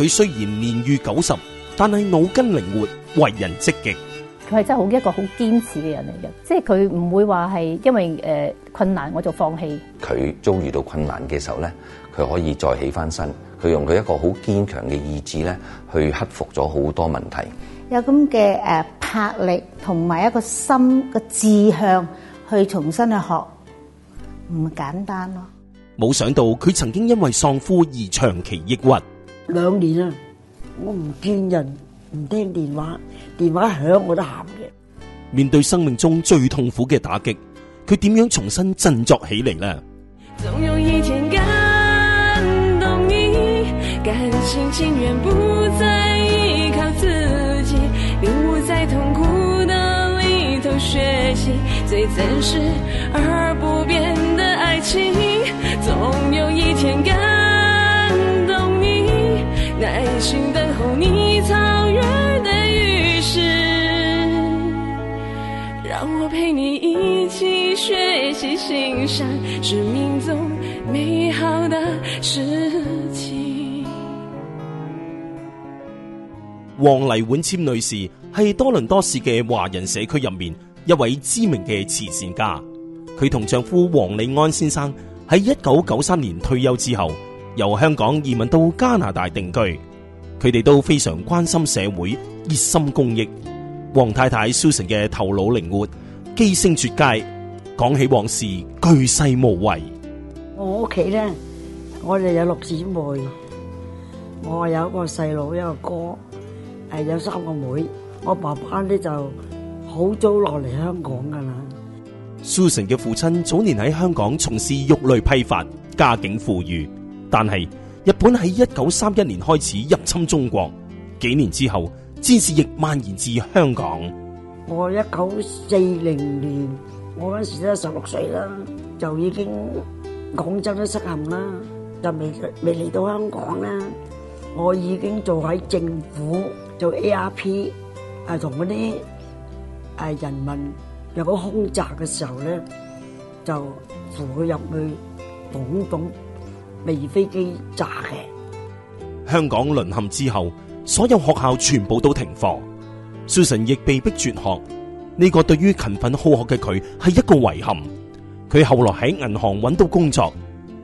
佢雖然年逾九十，但係腦筋靈活，為人積極。佢係真係好一個好堅持嘅人嚟嘅，即係佢唔會話係因為誒困難我就放棄。佢遭遇到困難嘅時候咧，佢可以再起翻身，佢用佢一個好堅強嘅意志咧，去克服咗好多問題。有咁嘅誒魄力同埋一個心嘅志向，去重新去學，唔簡單咯。冇想到佢曾經因為喪夫而長期抑鬱。兩年啊，我唔見人，唔聽電話，電話響我都喊嘅。面對生命中最痛苦嘅打擊，佢點樣重新振作起嚟呢？耐心等候你草原的雨，讓我陪你一起學習欣賞是生命中美好的事情。王黎婉謙女士係多倫多市嘅華人社區入面一位知名嘅慈善家，佢同丈夫王李安先生喺一九九三年退休之後，由香港移民到加拿大定居，佢哋都非常關心社會，熱心公益。王太太 Susan 嘅頭腦靈活，記性絕佳，講起往事巨細無遺。我屋企咧，我哋有六姊妹，我有個細佬，一個哥，誒有三個妹。我爸爸呢就好早落嚟香港㗎喇。Susan 嘅父親早年喺香港從事肉類批發，家境富裕。但係，日本喺一九三一年開始入侵中國，幾年之後，戰事亦蔓延至香港。我一九四零年，我嗰時都十六歲啦，就已經廣州都失陷啦，就未未嚟到香港啦。我已經做喺政府做 ARP，誒，同嗰啲誒人民有個空襲嘅時候咧，就扶佢入去擋一擋。被飛機炸嘅。香港淪陷之後，所有學校全部都停課，蘇珊亦被逼輟學。呢個對於勤奮好學嘅佢係一個遺憾。佢後來喺銀行揾到工作，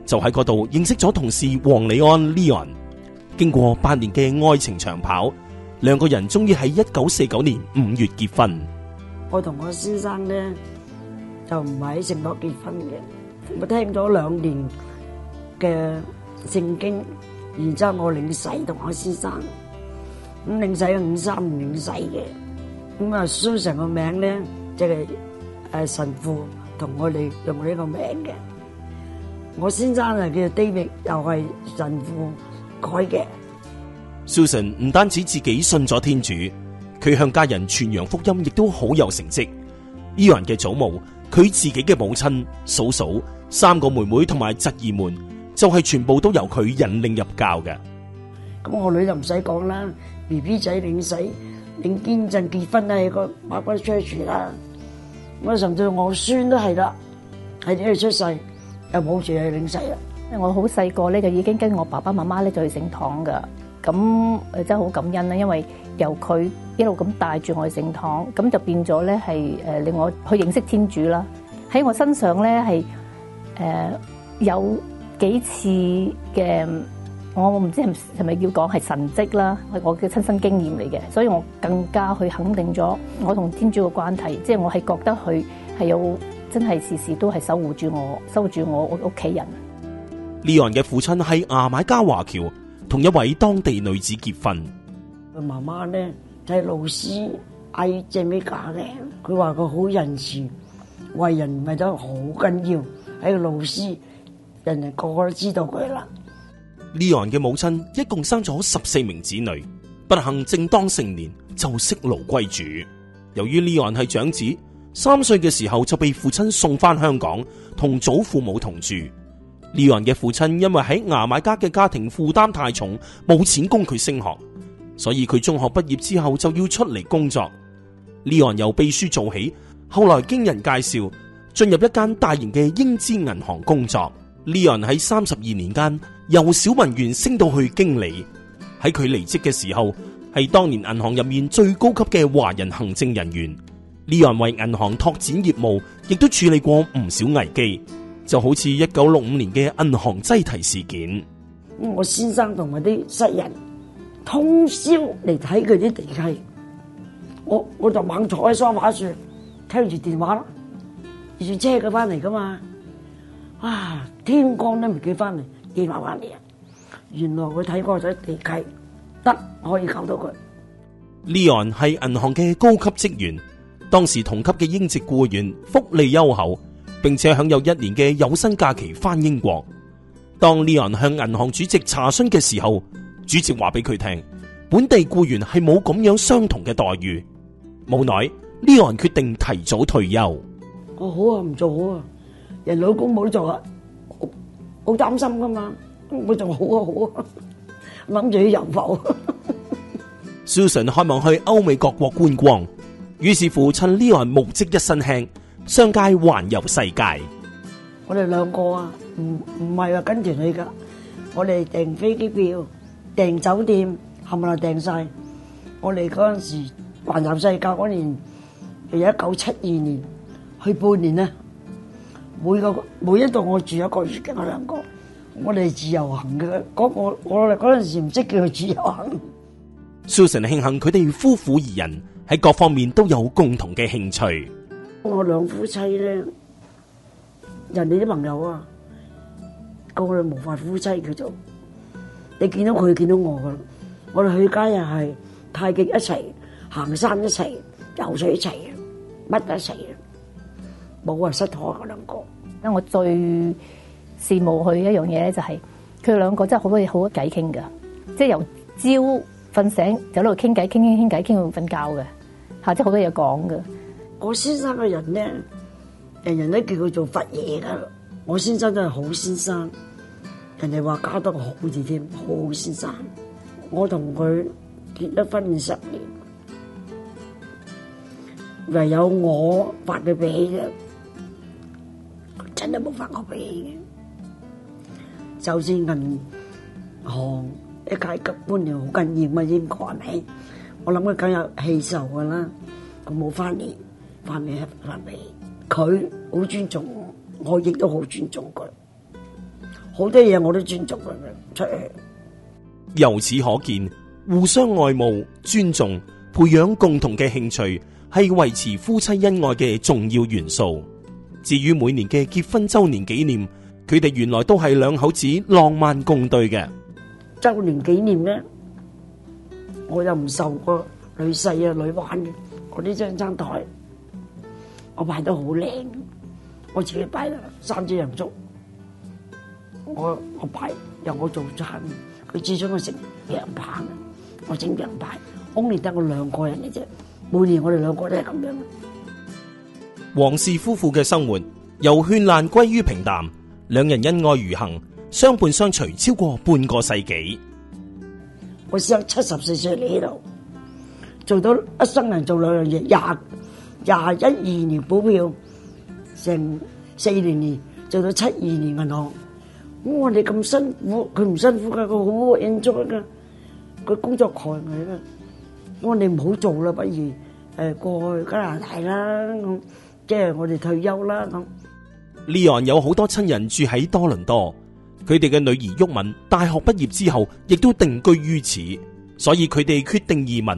就喺嗰度認識咗同事黃禮安 Leon。經過八年嘅愛情長跑，兩個人終於喺一九四九年五月結婚。我同我先生咧就唔係剩多結婚嘅，我聽咗兩年。嘅聖經，然之後我領洗同我先生咁領洗五三年領洗嘅咁啊。Susan 個名咧，即係誒神父同我哋用呢個名嘅。我先生啊叫 David，又係神父改嘅。Susan 唔單止自己信咗天主，佢向家人傳揚福音，亦都好有成績。伊人嘅祖母，佢自己嘅母親、嫂嫂、三個妹妹同埋侄兒們。就係全部都由佢引領入教嘅，咁我女就唔使講啦，B B 仔領洗，領堅振結婚啦，一個阿骨 church 啦，我甚至我孫都係啦，喺點去出世又保住去領洗啦，因為我好細個咧就已經跟住我爸爸媽媽咧就去聖堂噶，咁誒真係好感恩啦，因為由佢一路咁帶住我去聖堂，咁就變咗咧係誒令我去認識天主啦，喺我身上咧係誒有。幾次嘅我唔知係咪要講係神蹟啦，係我嘅親身經驗嚟嘅，所以我更加去肯定咗我同天主嘅關係，即係我係覺得佢係有真係時時都係守護住我，守護住我屋企人。Leon 嘅父親係牙買加華僑，同一位當地女子結婚。佢媽媽咧係老師，係正一教嘅。佢話佢好仁慈，為人為咗好緊要，係個老師。人人個個都知道佢啦。利昂嘅母親一共生咗十四名子女，不幸正當成年就息勞歸主。由於利昂係長子，三歲嘅時候就被父親送翻香港同祖父母同住。利昂嘅父親因為喺牙買加嘅家庭負擔太重，冇錢供佢升學，所以佢中學畢業之後就要出嚟工作。利昂由秘書做起，後來經人介紹進入一間大型嘅英資銀行工作。Leon 喺三十二年間由小文員升到去經理，喺佢離職嘅時候，係當年銀行入面最高級嘅華人行政人員。Leon 為銀行拓展業務，亦都處理過唔少危機，就好似一九六五年嘅銀行擠提事件。我先生同埋啲室人通宵嚟睇佢啲地契，我我就猛坐喺梳化處聽住電話咯，接住車佢翻嚟噶嘛。啊！天光都未幾翻嚟，見畫畫嚟啊！原來佢睇過咗地契得可以救到佢。Leon 係銀行嘅高級職員，當時同級嘅英籍僱員福利優厚，並且享有一年嘅有薪假期翻英國。當 Leon 向銀行主席查詢嘅時候，主席話俾佢聽，本地僱員係冇咁樣相同嘅待遇。無奈 Leon 決定提早退休。哦，好啊，唔做好啊！人老公冇做啊，好擔心噶嘛，我仲好啊好啊，諗住去遊浮。Susan 開往去歐美各國觀光，於是乎趁呢個目積一身輕，商界環遊世界。我哋兩個啊，唔唔係話跟團去噶，我哋訂飛機票，訂酒店，冚唪唥訂晒。我哋嗰陣時環遊世界嗰年，就一九七二年，去半年啦。每個，每一度我住一個月嘅，我兩個，我哋自由行嘅。嗰個我哋嗰陣時唔識叫佢自由行。Susan 慶幸佢哋夫婦二人喺各方面都有共同嘅興趣。我兩夫妻咧，人哋啲朋友啊，講我哋模範夫妻叫做，你見到佢見到我噶啦，我哋去街又係太極一齊，行山一齊，游水一齊，乜都一齊。冇啊！失台嗰兩個，因為我最羨慕佢一樣嘢咧，就係佢哋兩個真係好多嘢好偈傾噶，即係由朝瞓醒走到嚟傾偈，傾傾傾偈，傾到瞓覺嘅，吓即好多嘢講噶。我先生嘅人咧，人人都叫佢做佛爺啦。我先生真係好先生，人哋話搞得個好字添，好好先生。我同佢結咗婚十年，唯有我發嘅脾氣。真係冇發過脾氣嘅，就算銀行一開級搬又好緊要嘛？應該咪？我諗佢梗有氣受噶啦，佢冇翻面，翻面黑翻面。佢好尊重我，我亦都好尊重佢。好多嘢我都尊重佢嘅。由此可見，互相愛慕、尊重、培養共同嘅興趣，係維持夫妻恩愛嘅重要元素。至於每年嘅結婚周年紀念，佢哋原來都係兩口子浪漫共對嘅周年紀念咧。我又唔受過女婿啊女婿嘅，我呢張餐台我擺得好靚，我自己擺得三支洋燭，我我擺由我做餐，佢始終我食羊排，我整羊排，only 得我兩個人嘅啫。每年我哋兩個都係咁樣。王氏夫婦嘅生活由絢爛歸於平淡，兩人恩愛如恒，相伴相隨超過半個世紀。我上七十四歲喺度做到一生人做兩樣嘢，廿廿一二年保票，成四零年做到七二年銀行。我話你咁辛苦，佢唔辛苦噶，佢好 enjoy 噶，佢工作快樂啊。我話你唔好做啦，不如誒過去加拿大啦咁。即係我哋退休啦咁。利昂有好多親人住喺多倫多，佢哋嘅女兒郁敏大學畢業之後，亦都定居於此，所以佢哋決定移民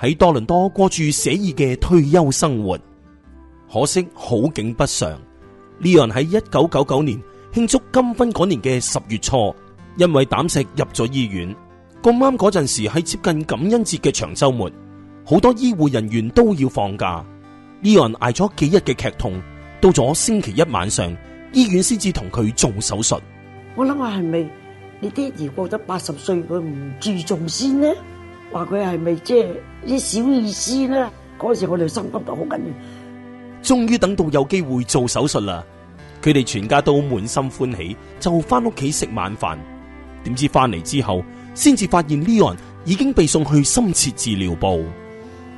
喺多倫多過住寫意嘅退休生活。可惜好景不常，利昂喺一九九九年慶祝金婚嗰年嘅十月初，因為膽石入咗醫院，咁啱嗰陣時喺接近感恩節嘅長周末，好多醫護人員都要放假。Leon 捱咗幾日嘅劇痛，到咗星期一晚上，醫院先至同佢做手術。我諗下係咪你爹哋過咗八十歲，佢唔注重先呢？話佢係咪即係啲小意思咧？嗰時我哋心急到好緊要。終於等到有機會做手術啦！佢哋全家都滿心歡喜，就翻屋企食晚飯。點知翻嚟之後，先至發現 Leon 已經被送去深切治療部。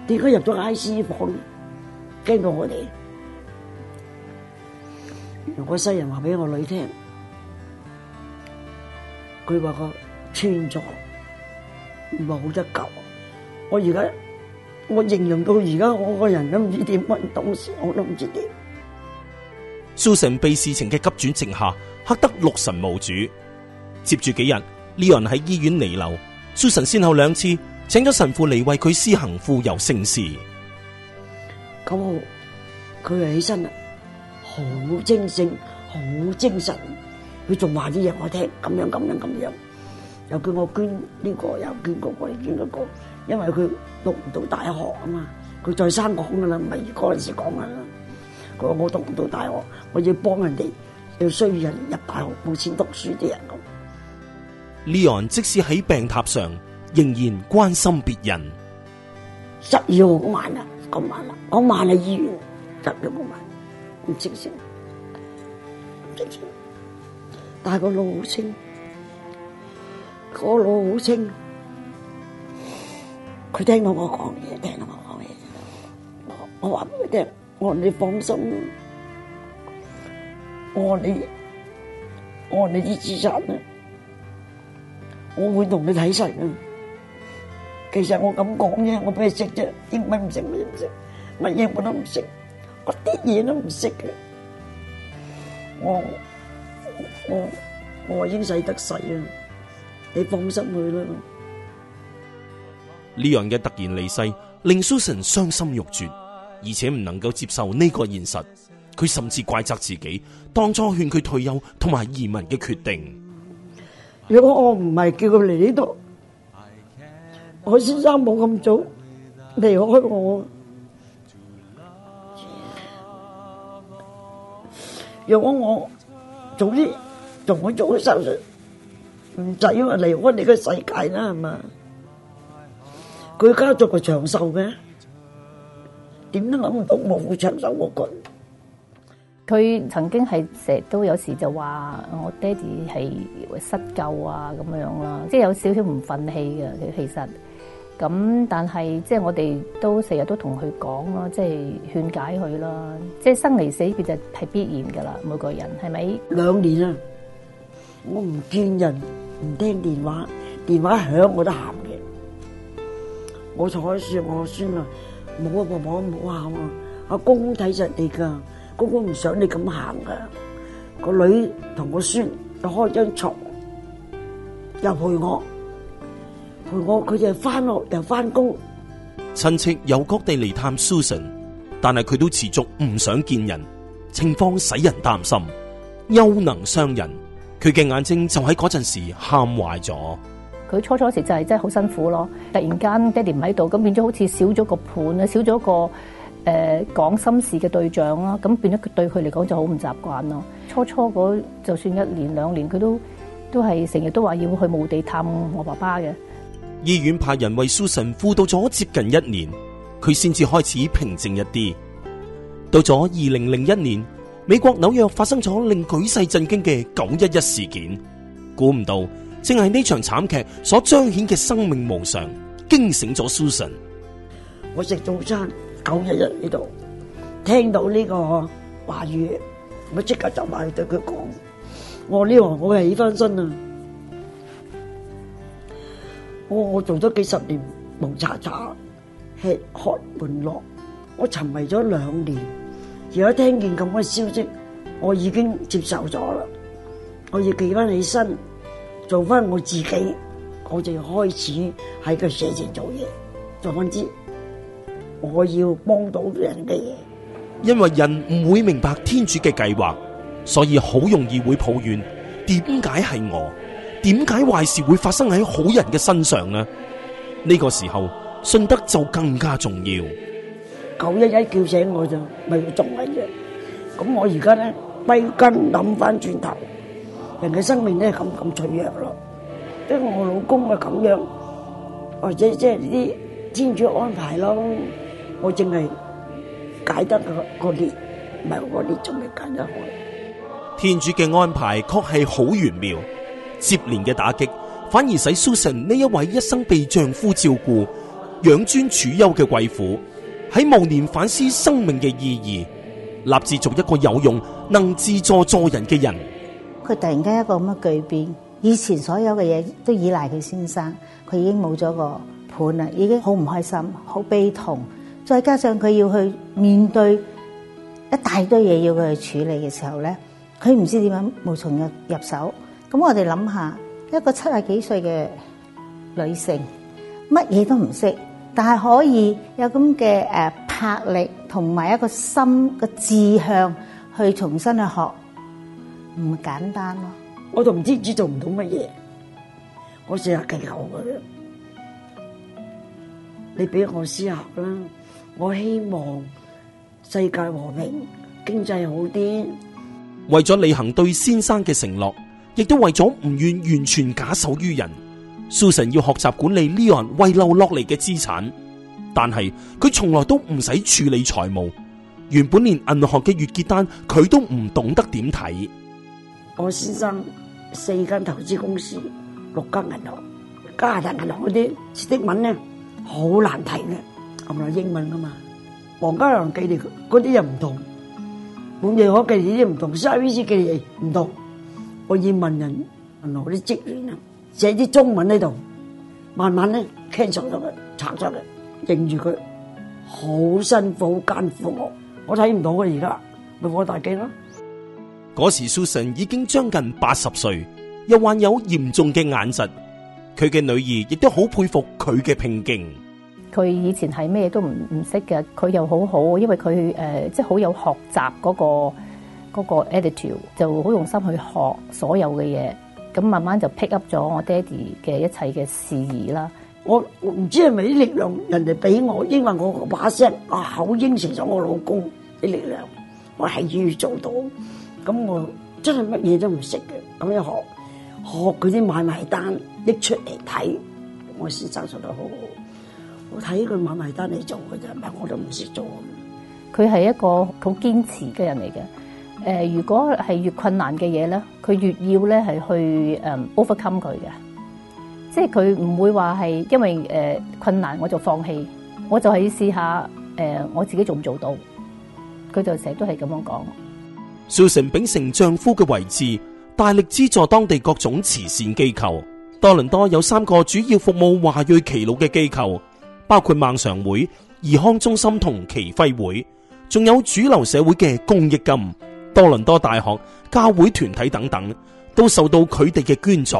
點解入咗 IC 房？經過我哋，如果世人話俾我女聽，佢話個穿咗唔係好得救，我而家我形容到而家我個人都唔知點乜懂事，我都唔知點。蘇珊被事情嘅急轉直下，嚇得六神無主。接住幾日，呢人喺醫院彌留，蘇珊先後兩次請咗神父嚟為佢施行傅油聖事。九號佢又起身啦，好精醒，好精神。佢仲話啲嘢我聽，咁樣咁樣咁樣，又叫我捐呢個，又捐嗰個，又捐嗰個。因為佢讀唔到大學啊嘛，佢再三講噶啦，唔係嗰陣時講噶啦。佢話我讀唔到大學，我要幫人哋，要需要人入大學冇錢讀書啲人咁。Leon 即使喺病榻上，仍然關心別人。十二號嗰晚啊。的我媽你我問係醫院入邊冇問，唔正常，正常。但係個老好清，那個老好清，佢聽到我講嘢，聽到我講嘢。我我話唔得，我話你放心，我話你，我話你啲資產咧，我會同你睇晒啦。其實我咁講啫，我畀你食啫，點解唔食，我唔食，乜嘢我都唔食，我啲嘢都唔食嘅。我我我已經使得使啊！你放心去啦。呢樣嘅突然離世，令蘇珊傷心欲絕，而且唔能夠接受呢個現實。佢甚至怪責自己當初勸佢退休同埋移民嘅決定。如果我唔係叫佢嚟呢度。我先生冇咁早離開我。如果我早啲同佢做咗手術，唔就因為離開你嘅世界啦，係嘛？佢家族係長壽嘅，點都諗唔到冇長壽我佢。佢曾經係成日都有時就話：我爹哋係失救啊咁樣啦，即係有少少唔忿氣嘅。佢其實。咁但係即係我哋都成日都同佢講咯，即係勸解佢啦。即係生離死別就係必然噶啦，每個人係咪？兩年啊，我唔見人，唔聽電話，電話響我都喊嘅。我坐喺樹我阿孫啊，冇啊，婆婆冇喊啊，阿公公睇實你噶，公公唔想你咁行噶。個女同我孫又開張床，又陪我。陪我，佢就翻學又翻工。親戚由各地嚟探 Susan，但係佢都持續唔想見人，情況使人擔心，憂能傷人。佢嘅眼睛就喺嗰陣時喊壞咗。佢初初時就係真係好辛苦咯，突然間爹哋唔喺度，咁變咗好似少咗個伴啦，少咗個誒、呃、講心事嘅對象啦，咁變咗對佢嚟講就好唔習慣咯。初初嗰就算一年兩年，佢都都係成日都話要去墓地探我爸爸嘅。醫院派人為 Susan 輔導咗接近一年，佢先至開始平靜一啲。到咗二零零一年，美國紐約發生咗令舉世震驚嘅九一一事件。估唔到，正係呢場慘劇所彰顯嘅生命無常，驚醒咗 Susan。我食早餐，九一一呢度聽到呢個話語，我即刻就埋對佢講，我呢個我係起翻身啊。」我我做咗幾十年蒙查查，吃喝玩樂，我沉迷咗兩年。而家聽見咁嘅消息，我已經接受咗啦。我要企翻起身，做翻我自己，我就要開始喺個社前做嘢，做分支。我要幫到人嘅嘢。因為人唔會明白天主嘅計劃，所以好容易會抱怨，點解係我？點解壞事會發生喺好人嘅身上呢？呢個時候信德就更加重要。九一一叫醒我就咪做乜啫，咁我而家咧歸根諗翻轉頭，人嘅生命咧咁咁脆弱咯。因為我老公咪咁樣，或者即係啲天主安排咯，我淨係解得個個點，唔係我哋仲未解得開。天主嘅安排確係好玄妙。接連嘅打擊，反而使蘇珊呢一位一生被丈夫照顧、養尊處優嘅貴婦，喺暮年反思生命嘅意義，立志做一個有用、能自助助人嘅人。佢突然間一個咁嘅巨變，以前所有嘅嘢，都依賴佢先生，佢已經冇咗個伴啦，已經好唔開心、好悲痛，再加上佢要去面對一大堆嘢要佢去處理嘅時候咧，佢唔知點樣無從入入手。咁我哋諗下，一個七十幾歲嘅女性，乜嘢都唔識，但係可以有咁嘅誒魄力，同埋一個心嘅志向去重新去學，唔簡單咯。我就唔知做唔到乜嘢，我成日勁好嘅。你俾我思考啦，我希望世界和平，經濟好啲。為咗履行對先生嘅承諾。亦都為咗唔願完全假手於人，蘇神要學習管理呢樣遺留落嚟嘅資產。但係佢從來都唔使處理財務，原本連銀行嘅月結單佢都唔懂得點睇。我先生四間投資公司，六間銀行，加拿大銀行嗰啲英文咧好難睇嘅，原來英文噶嘛，皇家銀行記嘅嗰啲又唔同，匯豐我記住啲唔同，莎菲斯記嘢唔同。我以問人啲職員，寫啲中文喺度，慢慢咧 cancel 咗佢，拆咗佢，認住佢，好辛苦，好艱苦，我我睇唔到嘅，而家，咪放大鏡咯。嗰時 Susan 已經將近八十歲，又患有嚴重嘅眼疾，佢嘅女兒亦都好佩服佢嘅拼勁。佢以前係咩都唔唔識嘅，佢又好好，因為佢誒，即係好有學習嗰個。嗰個 editor 就好用心去學所有嘅嘢，咁慢慢就 pick up 咗我爹哋嘅一切嘅事宜啦。我唔知係咪啲力量人哋俾我，因為我個把聲啊好應承咗我老公啲力量，我係要做到。咁我真係乜嘢都唔識嘅，咁樣學學佢啲買賣單拎出嚟睇，我先生做得好好。我睇佢買賣單你做嘅啫，唔咪？我都唔識做。佢係一個好堅持嘅人嚟嘅。誒，如果係越困難嘅嘢咧，佢越要咧係去誒 overcome 佢嘅，即係佢唔會話係因為誒困難我就放棄，我就係試下誒我自己做唔做到。佢就是這成日都係咁樣講。邵成秉承丈夫嘅位置，大力資助當地各種慈善機構。多倫多有三個主要服務華裔耆老嘅機構，包括孟嘗會、頤康中心同耆暉會，仲有主流社會嘅公益金。多倫多大學、教會團體等等，都受到佢哋嘅捐助。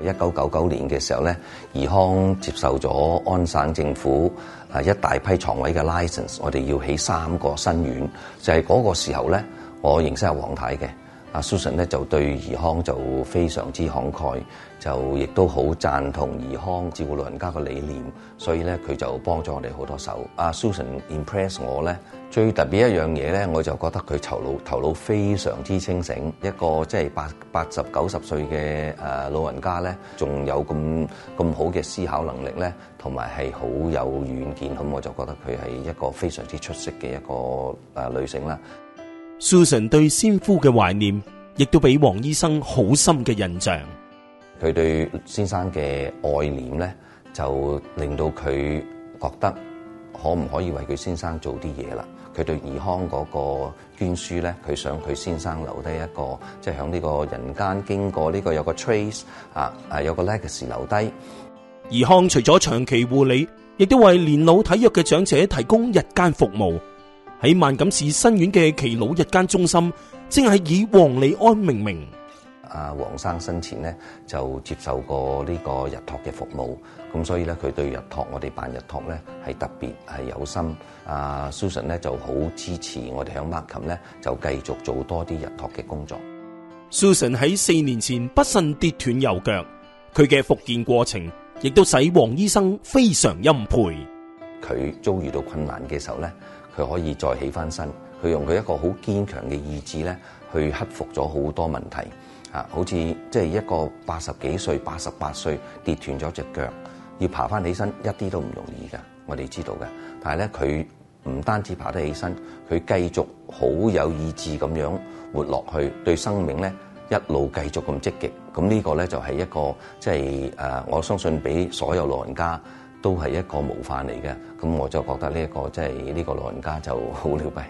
一九九九年嘅時候咧，怡康接受咗安省政府啊一大批床位嘅 license，我哋要起三個新院。就係嗰個時候咧，我認識阿黃太嘅，阿 Susan 咧就對怡康就非常之慷慨，就亦都好贊同怡康照顧老人家嘅理念，所以咧佢就幫咗我哋好多手。阿 Susan impress 我咧。最特別一樣嘢咧，我就覺得佢頭腦頭腦非常之清醒，一個即係八八十九十歲嘅誒老人家咧，仲有咁咁好嘅思考能力咧，同埋係好有遠見，咁我就覺得佢係一個非常之出色嘅一個誒女性啦。素臣對先夫嘅懷念，亦都俾黃醫生好深嘅印象。佢對先生嘅愛念咧，就令到佢覺得可唔可以為佢先生做啲嘢啦？佢對怡康嗰個捐書咧，佢想佢先生留低一個，即係喺呢個人間經過呢個有個 trace 啊啊，有個 legacy 留低。怡康除咗長期護理，亦都為年老體弱嘅長者提供日間服務。喺萬錦市新苑嘅耆老日間中心，正係以黃利安命名。阿黃生生前咧就接受過呢個日托嘅服務，咁所以咧佢對日托我哋辦日托咧係特別係有心。阿、啊、Susan 咧就好支持我哋響 Markham 咧就繼續做多啲日托嘅工作。Susan 喺四年前不慎跌斷右腳，佢嘅復健過程亦都使黃醫生非常欽佩。佢遭遇到困難嘅時候咧，佢可以再起翻身，佢用佢一個好堅強嘅意志咧去克服咗好多問題。啊，好似即係一個八十幾歲、八十八歲跌斷咗隻腳，要爬返起身一啲都唔容易㗎。我哋知道嘅，但係咧佢唔單止爬得起身，佢繼續好有意志咁樣活落去，對生命咧一路繼續咁積極。咁、這、呢個咧就係一個即係誒，我相信俾所有老人家都係一個模範嚟嘅。咁我就覺得呢、這、一個即係呢個老人家就好了不起。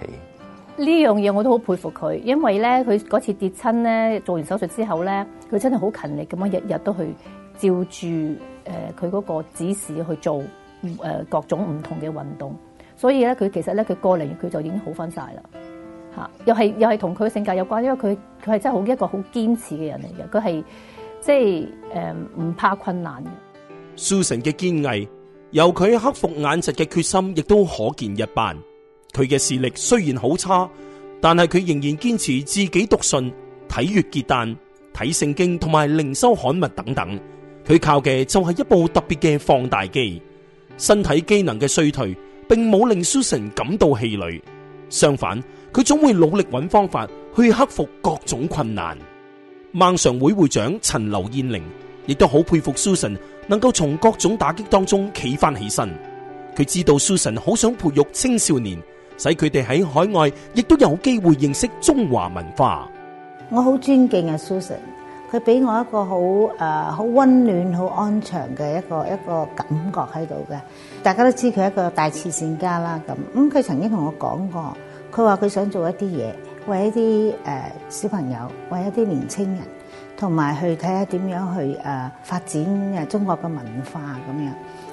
呢樣嘢我都好佩服佢，因為咧佢嗰次跌親咧，做完手術之後咧，佢真係好勤力咁樣，日日都去照住誒佢嗰個指示去做誒、呃、各種唔同嘅運動，所以咧佢其實咧佢過嚟佢就已經好翻晒啦吓，又係又係同佢性格有關，因為佢佢係真係好一個好堅持嘅人嚟嘅，佢係即係誒唔怕困難嘅。蘇神嘅堅毅，由佢克服眼疾嘅決心，亦都可見一斑。佢嘅視力雖然好差，但係佢仍然堅持自己讀信、睇月結單、睇聖經同埋靈修刊物等等。佢靠嘅就係一部特別嘅放大機。身體機能嘅衰退，並冇令 Susan 感到氣餒。相反，佢總會努力揾方法去克服各種困難。盲常會會長陳劉燕玲亦都好佩服 Susan 能夠從各種打擊當中企翻起身。佢知道 Susan 好想培育青少年。使佢哋喺海外亦都有機會認識中華文化。我好尊敬阿 Susan，佢俾我一個好誒、好溫暖、好安詳嘅一個一個感覺喺度嘅。大家都知佢係一個大慈善家啦，咁咁佢曾經同我講過，佢話佢想做一啲嘢，為一啲誒、呃、小朋友，為一啲年青人，同埋去睇下點樣去誒、呃、發展誒中國嘅文化咁樣。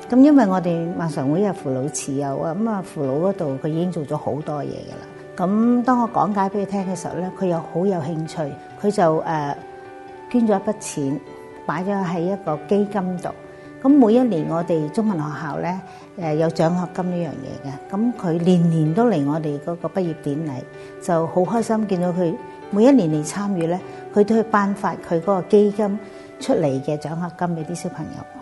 咁因為我哋華晨會有扶老持幼啊，咁啊扶老嗰度佢已經做咗好多嘢㗎啦。咁當我講解俾佢聽嘅時候咧，佢又好有興趣，佢就誒、呃、捐咗一筆錢擺咗喺一個基金度。咁每一年我哋中文學校咧、呃、有獎學金呢樣嘢嘅，咁佢年年都嚟我哋嗰個畢業典禮，就好開心見到佢每一年嚟參與咧，佢都去頒發佢嗰個基金出嚟嘅獎學金俾啲小朋友。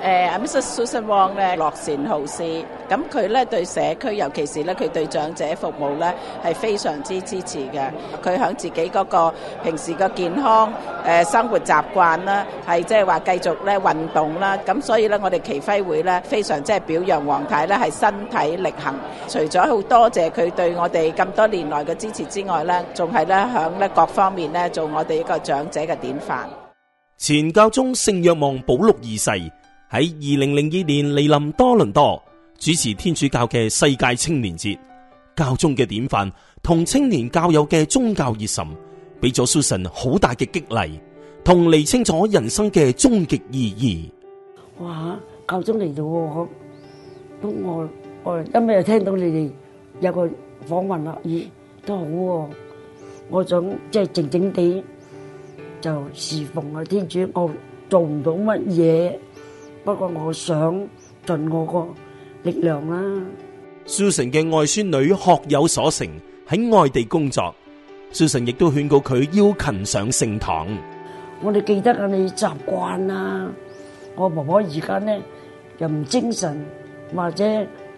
誒，阿、呃、Miss Susan Wong 咧，樂善好施，咁佢咧對社區，尤其是咧佢對長者服務咧係非常之支持嘅。佢喺自己嗰個平時嘅健康誒、呃、生活習慣啦，係即係話繼續咧運動啦。咁所以咧，我哋祈暉會咧非常即係表揚黃太咧係身體力行。除咗好多謝佢對我哋咁多年來嘅支持之外咧，仲係咧響呢各方面咧，做我哋一個長者嘅典範。前教宗聖若望保祿二世。喺二零零二年嚟臨多倫多主持天主教嘅世界青年節，教宗嘅典範同青年教友嘅宗教熱忱，俾咗蘇神好大嘅激勵，同厘清咗人生嘅終極意義。哇！教宗嚟到咁，咁我我今日又聽到你哋有個訪問啦，都好。我想即係靜靜哋就侍奉啊天主，我做唔到乜嘢。不過我想盡我個力量啦。蘇神嘅外孫女學有所成喺外地工作，蘇神亦都勸告佢要勤上聖堂。我哋記得啊你習慣啦。我婆婆而家呢又唔精神，或者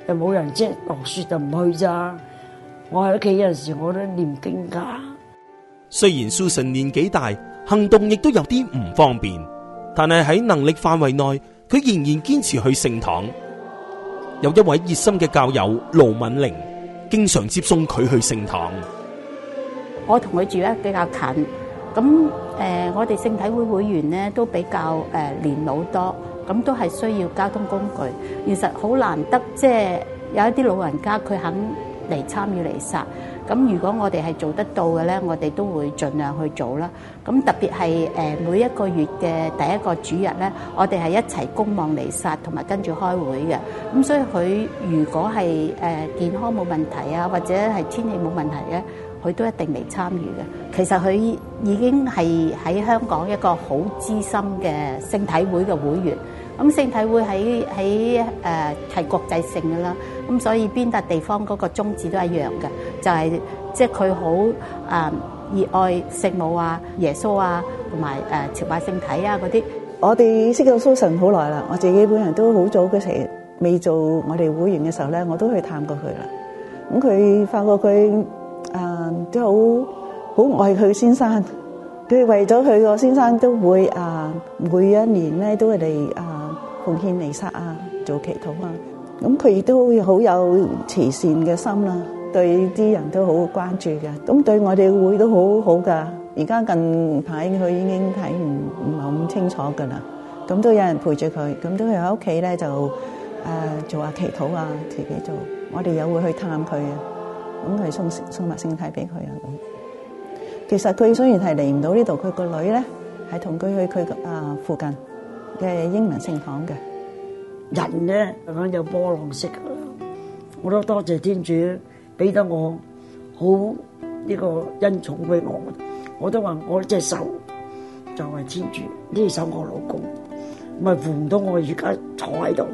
又冇人即係落雪就唔去咋。我喺屋企有陣時我都念經噶。雖然蘇神年紀大，行動亦都有啲唔方便，但係喺能力範圍內，佢仍然堅持去聖堂，有一位熱心嘅教友盧敏玲經常接送佢去聖堂。我同佢住得比較近，咁誒，我哋聖體會會員咧都比較誒年老多，咁都係需要交通工具。現實好難得，即係有一啲老人家佢肯。嚟參與彌撒，咁如果我哋係做得到嘅呢，我哋都會盡量去做啦。咁特別係誒每一個月嘅第一個主日呢，我哋係一齊恭望彌撒，同埋跟住開會嘅。咁所以佢如果係誒健康冇問題啊，或者係天氣冇問題呢，佢都一定嚟參與嘅。其實佢已經係喺香港一個好資深嘅聖體會嘅會員。咁聖體會喺喺誒係國際性嘅啦，咁所以邊笪地方嗰個宗旨都一樣嘅，就係即係佢好啊熱愛聖母啊、耶穌啊，同埋誒朝拜聖體啊嗰啲。我哋識到蘇神好耐啦，我自己本人都好早嗰時未做我哋會員嘅時候咧，我都去探過佢啦。咁佢發覺佢啊都好好愛佢先生，佢為咗佢個先生都會啊每一年咧都嚟啊。奉獻彌撒啊，做祈禱啊，咁佢亦都好有慈善嘅心啦，對啲人都好關注嘅，咁對我哋會都好好噶。而家近排佢已經睇唔係咁清楚噶啦，咁都有人陪住佢，咁都喺屋企咧就誒做下祈禱啊，自己做。我哋有會去探佢，咁係送送物聖體俾佢啊。其實佢雖然係嚟唔到呢度，佢個女咧係同佢去佢啊附近嘅英文聖堂嘅人咧，咁樣有波浪式嘅。我都多謝天主俾得我好呢、這個恩寵俾我。我都話我隻手就係天主呢隻手，我老公咪扶唔到我，而家坐喺度。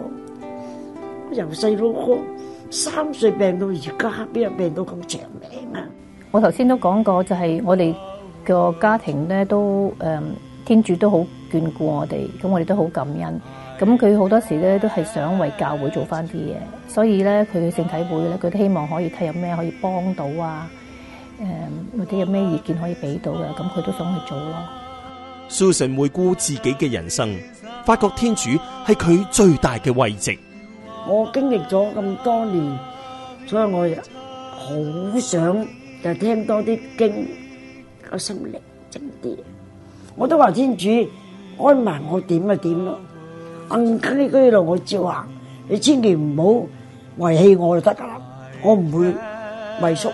由細路哥三歲病到而家，邊有病到咁長命啊！我頭先都講過，就係我哋個家庭咧都誒、嗯，天主都好。眷顧我哋，咁我哋都好感恩。咁佢好多時咧都係想為教會做翻啲嘢，所以咧佢嘅聖體會咧，佢都希望可以睇有咩可以幫到啊，誒或者有咩意見可以俾到嘅，咁佢都想去做咯。蘇神回顧自己嘅人生，發覺天主係佢最大嘅慰藉。我經歷咗咁多年，所以我好想就聽多啲經，個心靈靜啲。我都話天主。開埋我點咪點咯，嗯喺呢度我照行，你千祈唔好遺棄我就得噶啦，我唔會畏縮。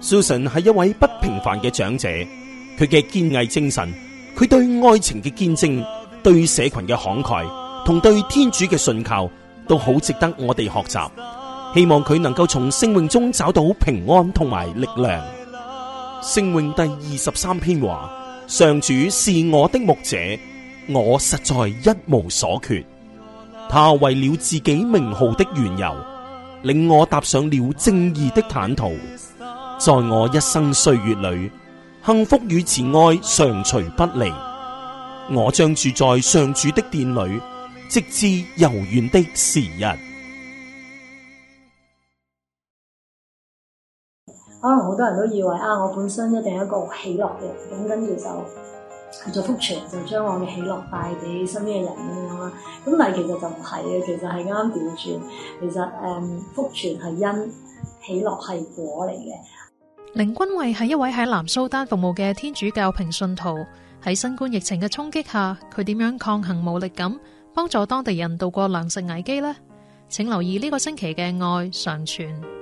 蘇神係一位不平凡嘅長者，佢嘅堅毅精神，佢對愛情嘅見證，對社群嘅慷慨，同對天主嘅信靠，都好值得我哋學習。希望佢能夠從聖詠中找到平安同埋力量。聖詠第二十三篇話。上主是我的牧者，我實在一無所缺。他為了自己名號的緣由，令我踏上了正義的坦途。在我一生歲月裏，幸福與慈愛常隨不離。我將住在上主的殿裏，直至遙遠的時日。可能好多人都以為啊，我本身一定係一個喜樂嘅人，咁跟住就去做福傳，就將我嘅喜樂帶俾身邊嘅人咁樣啦。咁但係其實就唔係嘅，其實係啱啱調轉，其實誒、嗯、福傳係因，喜樂係果嚟嘅。凌君慧係一位喺南蘇丹服務嘅天主教平信徒，喺新冠疫情嘅衝擊下，佢點樣抗衡無力感，幫助當地人度過糧食危機呢？請留意呢個星期嘅愛常傳。